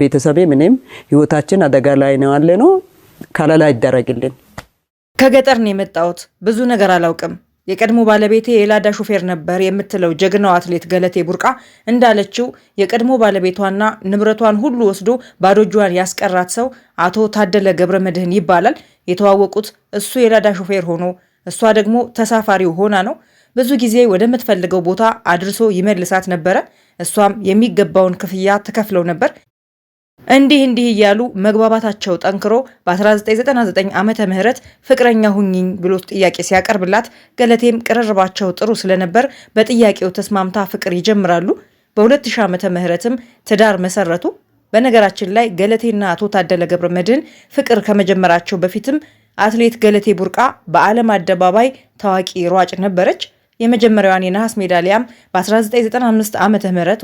ቤተሰቤ ምንም ህይወታችን አደጋ ላይ ነው ያለ ነው። ከለላ ይደረግልን። ከገጠር ነው የመጣሁት። ብዙ ነገር አላውቅም። የቀድሞ ባለቤቴ የላዳ ሾፌር ነበር የምትለው ጀግናው አትሌት ገለቴ ቡርቃ እንዳለችው የቀድሞ ባለቤቷና ንብረቷን ሁሉ ወስዶ ባዶ እጇን ያስቀራት ሰው አቶ ታደለ ገብረ መድህን ይባላል። የተዋወቁት እሱ የላዳ ሾፌር ሆኖ እሷ ደግሞ ተሳፋሪው ሆና ነው። ብዙ ጊዜ ወደምትፈልገው ቦታ አድርሶ ይመልሳት ነበረ። እሷም የሚገባውን ክፍያ ትከፍለው ነበር። እንዲህ እንዲህ እያሉ መግባባታቸው ጠንክሮ በ1999 ዓመተ ምህረት ፍቅረኛ ሁኝኝ ብሎ ጥያቄ ሲያቀርብላት ገለቴም ቅርርባቸው ጥሩ ስለነበር በጥያቄው ተስማምታ ፍቅር ይጀምራሉ። በ2000 ዓመተ ምህረትም ትዳር መሰረቱ። በነገራችን ላይ ገለቴና አቶ ታደለ ገብረ መድህን ፍቅር ከመጀመራቸው በፊትም አትሌት ገለቴ ቡርቃ በዓለም አደባባይ ታዋቂ ሯጭ ነበረች። የመጀመሪያዋን የነሐስ ሜዳሊያም በ1995 ዓ ም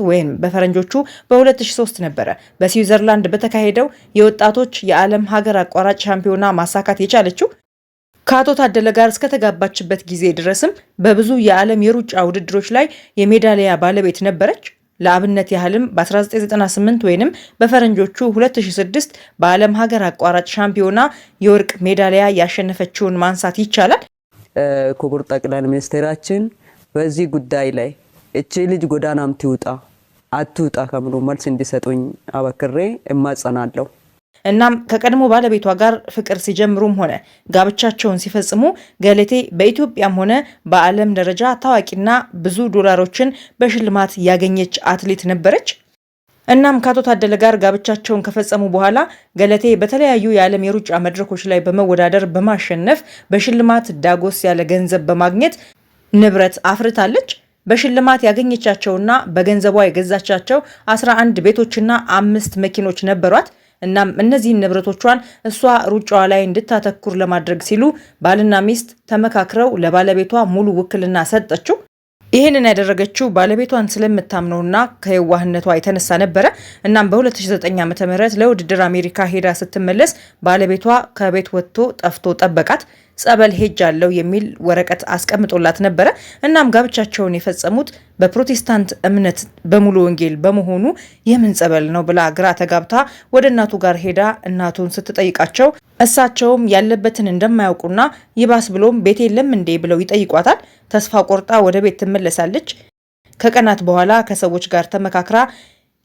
ወይም በፈረንጆቹ በ2003 ነበረ በስዊዘርላንድ በተካሄደው የወጣቶች የዓለም ሀገር አቋራጭ ሻምፒዮና ማሳካት የቻለችው። ከአቶ ታደለ ጋር እስከተጋባችበት ጊዜ ድረስም በብዙ የዓለም የሩጫ ውድድሮች ላይ የሜዳሊያ ባለቤት ነበረች። ለአብነት ያህልም በ1998 ወይም በፈረንጆቹ 2006 በዓለም ሀገር አቋራጭ ሻምፒዮና የወርቅ ሜዳሊያ ያሸነፈችውን ማንሳት ይቻላል። ክቡር ጠቅላይ ሚኒስቴራችን በዚህ ጉዳይ ላይ እቺ ልጅ ጎዳናም ትውጣ አትውጣ ከምሎ መልስ እንዲሰጡኝ አበክሬ እማጸናለሁ። እናም ከቀድሞ ባለቤቷ ጋር ፍቅር ሲጀምሩም ሆነ ጋብቻቸውን ሲፈጽሙ ገለቴ በኢትዮጵያም ሆነ በዓለም ደረጃ ታዋቂና ብዙ ዶላሮችን በሽልማት ያገኘች አትሌት ነበረች። እናም ከአቶ ታደለ ጋር ጋብቻቸውን ከፈጸሙ በኋላ ገለቴ በተለያዩ የዓለም የሩጫ መድረኮች ላይ በመወዳደር በማሸነፍ በሽልማት ዳጎስ ያለ ገንዘብ በማግኘት ንብረት አፍርታለች። በሽልማት ያገኘቻቸውና በገንዘቧ የገዛቻቸው 11 ቤቶችና አምስት መኪኖች ነበሯት። እናም እነዚህን ንብረቶቿን እሷ ሩጫዋ ላይ እንድታተኩር ለማድረግ ሲሉ ባልና ሚስት ተመካክረው ለባለቤቷ ሙሉ ውክልና ሰጠችው። ይህንን ያደረገችው ባለቤቷን ስለምታምነውና ከየዋህነቷ የተነሳ ነበረ። እናም በ2009 ዓ ም ለውድድር አሜሪካ ሄዳ ስትመለስ ባለቤቷ ከቤት ወጥቶ ጠፍቶ ጠበቃት። ጸበል ሄጃለሁ የሚል ወረቀት አስቀምጦላት ነበረ። እናም ጋብቻቸውን የፈጸሙት በፕሮቴስታንት እምነት በሙሉ ወንጌል በመሆኑ የምን ጸበል ነው ብላ ግራ ተጋብታ ወደ እናቱ ጋር ሄዳ እናቱን ስትጠይቃቸው እሳቸውም ያለበትን እንደማያውቁና ይባስ ብሎም ቤት የለም እንዴ ብለው ይጠይቋታል። ተስፋ ቆርጣ ወደ ቤት ትመለሳለች። ከቀናት በኋላ ከሰዎች ጋር ተመካክራ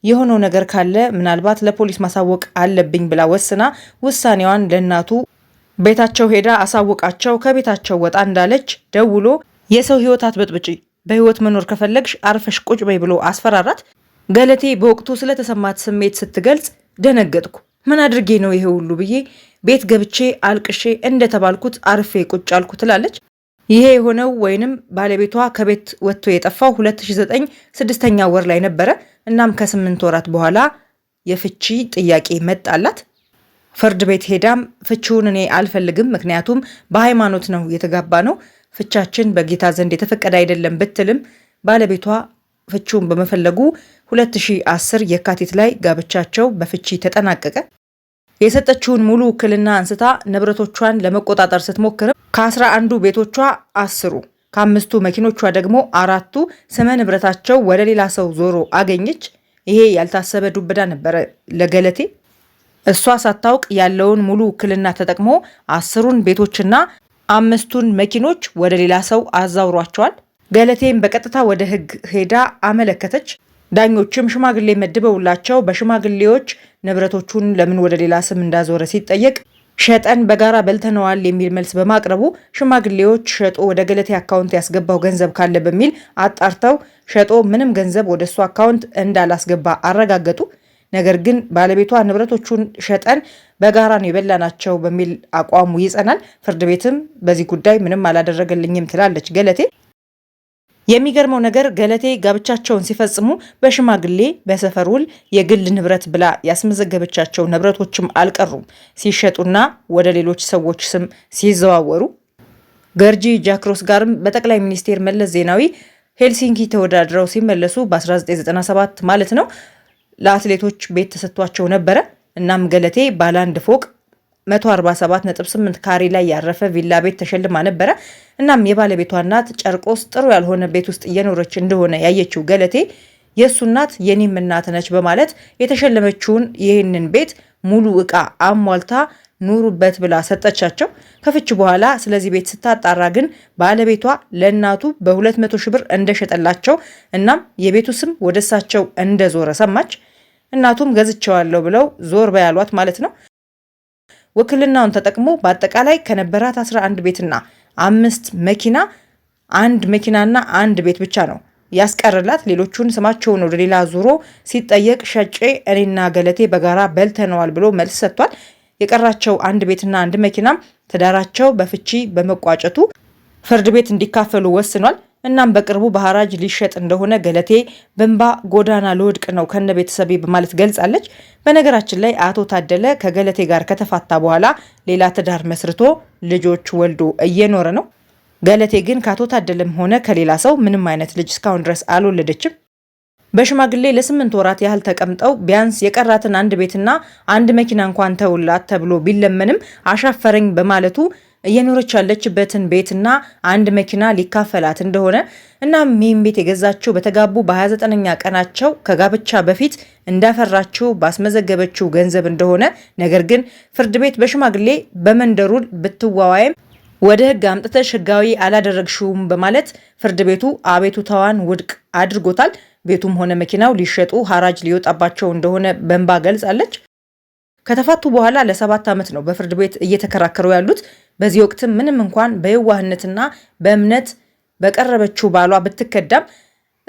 የሆነው ነገር ካለ ምናልባት ለፖሊስ ማሳወቅ አለብኝ ብላ ወስና ውሳኔዋን ለእናቱ ቤታቸው ሄዳ አሳውቃቸው ከቤታቸው ወጣ እንዳለች ደውሎ የሰው ህይወት አትበጥብጪ፣ በህይወት መኖር ከፈለግሽ አርፈሽ ቁጭ በይ ብሎ አስፈራራት። ገለቴ በወቅቱ ስለተሰማት ስሜት ስትገልጽ ደነገጥኩ። ምን አድርጌ ነው ይሄ ሁሉ ብዬ ቤት ገብቼ አልቅሼ እንደተባልኩት አርፌ ቁጭ አልኩ ትላለች። ይሄ የሆነው ወይንም ባለቤቷ ከቤት ወጥቶ የጠፋው 2009 ስድስተኛ ወር ላይ ነበረ። እናም ከስምንት ወራት በኋላ የፍቺ ጥያቄ መጣላት። ፍርድ ቤት ሄዳም ፍቺውን እኔ አልፈልግም፣ ምክንያቱም በሃይማኖት ነው የተጋባ ነው፣ ፍቻችን በጌታ ዘንድ የተፈቀደ አይደለም ብትልም ባለቤቷ ፍቺውን በመፈለጉ 2010 የካቲት ላይ ጋብቻቸው በፍቺ ተጠናቀቀ። የሰጠችውን ሙሉ ውክልና አንስታ ንብረቶቿን ለመቆጣጠር ስትሞክርም ከአስራ አንዱ ቤቶቿ አስሩ ከአምስቱ መኪኖቿ ደግሞ አራቱ ስመ ንብረታቸው ወደ ሌላ ሰው ዞሮ አገኘች። ይሄ ያልታሰበ ዱብዳ ነበረ ለገለቴ። እሷ ሳታውቅ ያለውን ሙሉ ውክልና ተጠቅሞ አስሩን ቤቶችና አምስቱን መኪኖች ወደ ሌላ ሰው አዛውሯቸዋል። ገለቴም በቀጥታ ወደ ህግ ሄዳ አመለከተች። ዳኞችም ሽማግሌ መድበውላቸው በሽማግሌዎች ንብረቶቹን ለምን ወደ ሌላ ስም እንዳዞረ ሲጠየቅ ሸጠን በጋራ በልተነዋል የሚል መልስ በማቅረቡ ሽማግሌዎች ሸጦ ወደ ገለቴ አካውንት ያስገባው ገንዘብ ካለ በሚል አጣርተው ሸጦ ምንም ገንዘብ ወደ እሱ አካውንት እንዳላስገባ አረጋገጡ። ነገር ግን ባለቤቷ ንብረቶቹን ሸጠን በጋራ ነው የበላናቸው በሚል አቋሙ ይጸናል። ፍርድ ቤትም በዚህ ጉዳይ ምንም አላደረገልኝም ትላለች ገለቴ። የሚገርመው ነገር ገለቴ ጋብቻቸውን ሲፈጽሙ በሽማግሌ በሰፈር ውል የግል ንብረት ብላ ያስመዘገበቻቸው ንብረቶችም አልቀሩም። ሲሸጡና ወደ ሌሎች ሰዎች ስም ሲዘዋወሩ ገርጂ ጃክሮስ ጋርም በጠቅላይ ሚኒስቴር መለስ ዜናዊ ሄልሲንኪ ተወዳድረው ሲመለሱ በ1997 ማለት ነው ለአትሌቶች ቤት ተሰጥቷቸው ነበረ። እናም ገለቴ ባለ አንድ ፎቅ 147.8 ካሬ ላይ ያረፈ ቪላ ቤት ተሸልማ ነበረ። እናም የባለቤቷ እናት ጨርቆስ ጥሩ ያልሆነ ቤት ውስጥ እየኖረች እንደሆነ ያየችው ገለቴ የእሱ እናት የኔም እናት ነች በማለት የተሸለመችውን ይህንን ቤት ሙሉ ዕቃ አሟልታ ኑሩበት ብላ ሰጠቻቸው። ከፍች በኋላ ስለዚህ ቤት ስታጣራ ግን ባለቤቷ ለእናቱ በ200 ሺህ ብር እንደሸጠላቸው እናም የቤቱ ስም ወደ እሳቸው እንደዞረ ሰማች። እናቱም ገዝቸዋለሁ ብለው ዞር በያሏት ማለት ነው። ውክልናውን ተጠቅሞ በአጠቃላይ ከነበራት 11 ቤትና አምስት መኪና አንድ መኪናና አንድ ቤት ብቻ ነው ያስቀርላት። ሌሎቹን ስማቸውን ወደ ሌላ ዙሮ ሲጠየቅ ሸጬ እኔና ገለቴ በጋራ በልተነዋል ብሎ መልስ ሰጥቷል። የቀራቸው አንድ ቤትና አንድ መኪናም ትዳራቸው በፍቺ በመቋጨቱ ፍርድ ቤት እንዲካፈሉ ወስኗል። እናም በቅርቡ በሐራጅ ሊሸጥ እንደሆነ ገለቴ በእንባ ጎዳና ልወድቅ ነው ከነ ቤተሰቤ በማለት ገልጻለች። በነገራችን ላይ አቶ ታደለ ከገለቴ ጋር ከተፋታ በኋላ ሌላ ትዳር መስርቶ ልጆች ወልዶ እየኖረ ነው። ገለቴ ግን ከአቶ ታደለም ሆነ ከሌላ ሰው ምንም አይነት ልጅ እስካሁን ድረስ አልወለደችም። በሽማግሌ ለስምንት ወራት ያህል ተቀምጠው ቢያንስ የቀራትን አንድ ቤትና አንድ መኪና እንኳን ተውላት ተብሎ ቢለመንም አሻፈረኝ በማለቱ እየኖረች ያለችበትን ቤትና አንድ መኪና ሊካፈላት እንደሆነ እናም ይህም ቤት የገዛችው በተጋቡ በ29ኛ ቀናቸው ከጋብቻ በፊት እንዳፈራችው ባስመዘገበችው ገንዘብ እንደሆነ፣ ነገር ግን ፍርድ ቤት በሽማግሌ በመንደሩ ብትዋዋይም ወደ ሕግ አምጥተሽ ሕጋዊ አላደረግሽውም በማለት ፍርድ ቤቱ አቤቱታዋን ውድቅ አድርጎታል። ቤቱም ሆነ መኪናው ሊሸጡ ሐራጅ ሊወጣባቸው እንደሆነ በንባ ገልጻለች። ከተፋቱ በኋላ ለሰባት ዓመት ነው በፍርድ ቤት እየተከራከሩ ያሉት። በዚህ ወቅትም ምንም እንኳን በየዋህነትና በእምነት በቀረበችው ባሏ ብትከዳም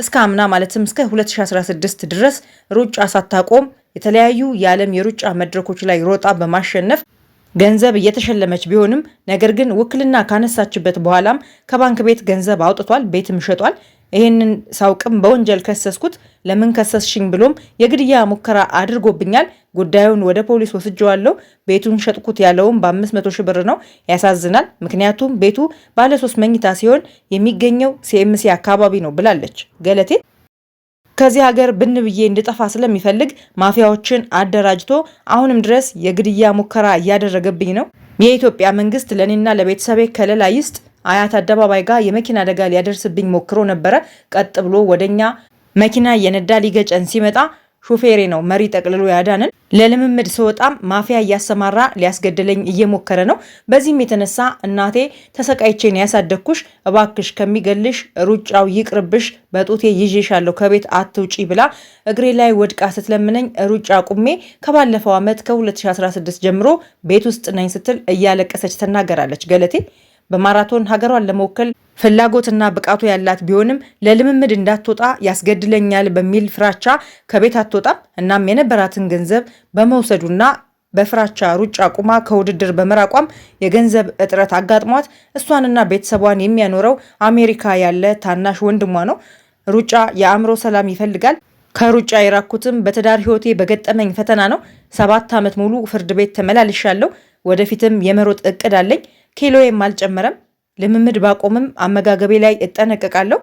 እስከ አምና ማለትም እስከ 2016 ድረስ ሩጫ ሳታቆም የተለያዩ የዓለም የሩጫ መድረኮች ላይ ሮጣ በማሸነፍ ገንዘብ እየተሸለመች ቢሆንም ነገር ግን ውክልና ካነሳችበት በኋላም ከባንክ ቤት ገንዘብ አውጥቷል፣ ቤትም ሸጧል። ይህንን ሳውቅም በወንጀል ከሰስኩት። ለምን ከሰስሽኝ ብሎም የግድያ ሙከራ አድርጎብኛል። ጉዳዩን ወደ ፖሊስ ወስጀዋለሁ። ቤቱን ሸጥኩት ያለውም በ500 ሺ ብር ነው። ያሳዝናል። ምክንያቱም ቤቱ ባለ ሶስት መኝታ ሲሆን የሚገኘው ሲኤምሲ አካባቢ ነው ብላለች ገለቴ። ከዚህ ሀገር ብን ብዬ እንድጠፋ ስለሚፈልግ ማፊያዎችን አደራጅቶ አሁንም ድረስ የግድያ ሙከራ እያደረገብኝ ነው የኢትዮጵያ መንግስት ለእኔና ለቤተሰቤ ከለላ ይስጥ። አያት አደባባይ ጋር የመኪና አደጋ ሊያደርስብኝ ሞክሮ ነበረ። ቀጥ ብሎ ወደኛ መኪና የነዳ ሊገጨን ሲመጣ ሹፌሬ ነው መሪ ጠቅልሎ ያዳንን። ለልምምድ ስወጣም ማፊያ እያሰማራ ሊያስገድለኝ እየሞከረ ነው። በዚህም የተነሳ እናቴ ተሰቃይቼን ያሳደግኩሽ፣ እባክሽ ከሚገልሽ ሩጫው ይቅርብሽ፣ በጡቴ ይዤሻለሁ፣ ከቤት አትውጪ ብላ እግሬ ላይ ወድቃ ስትለምነኝ ሩጫ ቁሜ ከባለፈው ዓመት ከ2016 ጀምሮ ቤት ውስጥ ነኝ ስትል እያለቀሰች ትናገራለች ገለቴ። በማራቶን ሀገሯን ለመወከል ፍላጎትና ብቃቱ ያላት ቢሆንም ለልምምድ እንዳትወጣ ያስገድለኛል በሚል ፍራቻ ከቤት አትወጣም። እናም የነበራትን ገንዘብ በመውሰዱና በፍራቻ ሩጫ ቁማ ከውድድር በመራቋም የገንዘብ እጥረት አጋጥሟት እሷንና ቤተሰቧን የሚያኖረው አሜሪካ ያለ ታናሽ ወንድሟ ነው። ሩጫ የአእምሮ ሰላም ይፈልጋል። ከሩጫ የራኩትም በትዳር ህይወቴ በገጠመኝ ፈተና ነው። ሰባት ዓመት ሙሉ ፍርድ ቤት ተመላልሻለሁ። ወደፊትም የመሮጥ እቅድ አለኝ። ኪሎዬም አልጨመረም። ልምምድ ባቆምም አመጋገቤ ላይ እጠነቀቃለሁ።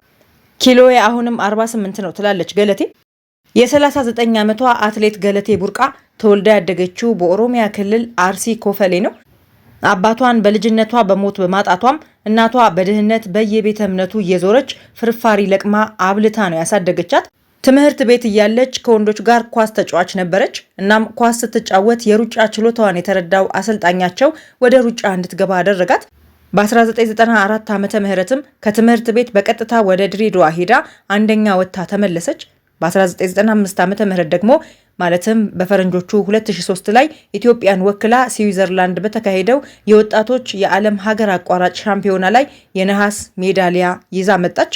ኪሎዬ አሁንም 48 ነው ትላለች ገለቴ። የ39 ዓመቷ አትሌት ገለቴ ቡርቃ ተወልዳ ያደገችው በኦሮሚያ ክልል አርሲ ኮፈሌ ነው። አባቷን በልጅነቷ በሞት በማጣቷም እናቷ በድህነት በየቤተ እምነቱ እየዞረች ፍርፋሪ ለቅማ አብልታ ነው ያሳደገቻት። ትምህርት ቤት እያለች ከወንዶች ጋር ኳስ ተጫዋች ነበረች። እናም ኳስ ስትጫወት የሩጫ ችሎታዋን የተረዳው አሰልጣኛቸው ወደ ሩጫ እንድትገባ አደረጋት። በ1994 ዓመተ ምህረትም ከትምህርት ቤት በቀጥታ ወደ ድሬዳዋ ሄዳ አንደኛ ወጥታ ተመለሰች። በ1995 ዓመተ ምህረት ደግሞ ማለትም በፈረንጆቹ 2003 ላይ ኢትዮጵያን ወክላ ስዊዘርላንድ በተካሄደው የወጣቶች የዓለም ሀገር አቋራጭ ሻምፒዮና ላይ የነሐስ ሜዳሊያ ይዛ መጣች።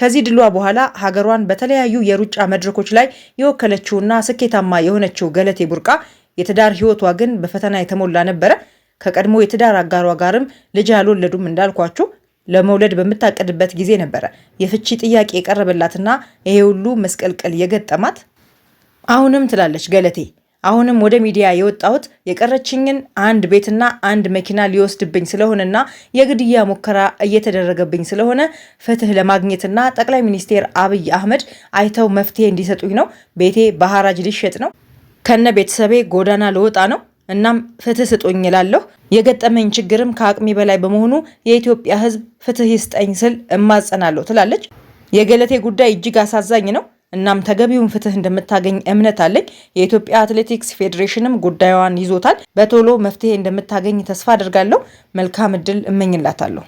ከዚህ ድሏ በኋላ ሀገሯን በተለያዩ የሩጫ መድረኮች ላይ የወከለችውና ስኬታማ የሆነችው ገለቴ ቡርቃ የትዳር ህይወቷ ግን በፈተና የተሞላ ነበረ። ከቀድሞ የትዳር አጋሯ ጋርም ልጅ አልወለዱም እንዳልኳችሁ ለመውለድ በምታቀድበት ጊዜ ነበረ የፍቺ ጥያቄ የቀረበላትና ይሄ ሁሉ መስቀልቀል የገጠማት። አሁንም ትላለች ገለቴ አሁንም ወደ ሚዲያ የወጣሁት የቀረችኝን አንድ ቤትና አንድ መኪና ሊወስድብኝ ስለሆነና የግድያ ሙከራ እየተደረገብኝ ስለሆነ ፍትህ ለማግኘትና ጠቅላይ ሚኒስቴር አብይ አህመድ አይተው መፍትሄ እንዲሰጡኝ ነው። ቤቴ በሐራጅ ሊሸጥ ነው። ከነ ቤተሰቤ ጎዳና ልወጣ ነው። እናም ፍትህ ስጡኝ እላለሁ። የገጠመኝ ችግርም ከአቅሜ በላይ በመሆኑ የኢትዮጵያ ሕዝብ ፍትህ ይስጠኝ ስል እማጸናለሁ ትላለች። የገለቴ ጉዳይ እጅግ አሳዛኝ ነው። እናም ተገቢውን ፍትህ እንደምታገኝ እምነት አለኝ። የኢትዮጵያ አትሌቲክስ ፌዴሬሽንም ጉዳዩን ይዞታል። በቶሎ መፍትሄ እንደምታገኝ ተስፋ አድርጋለሁ። መልካም እድል እመኝላታለሁ።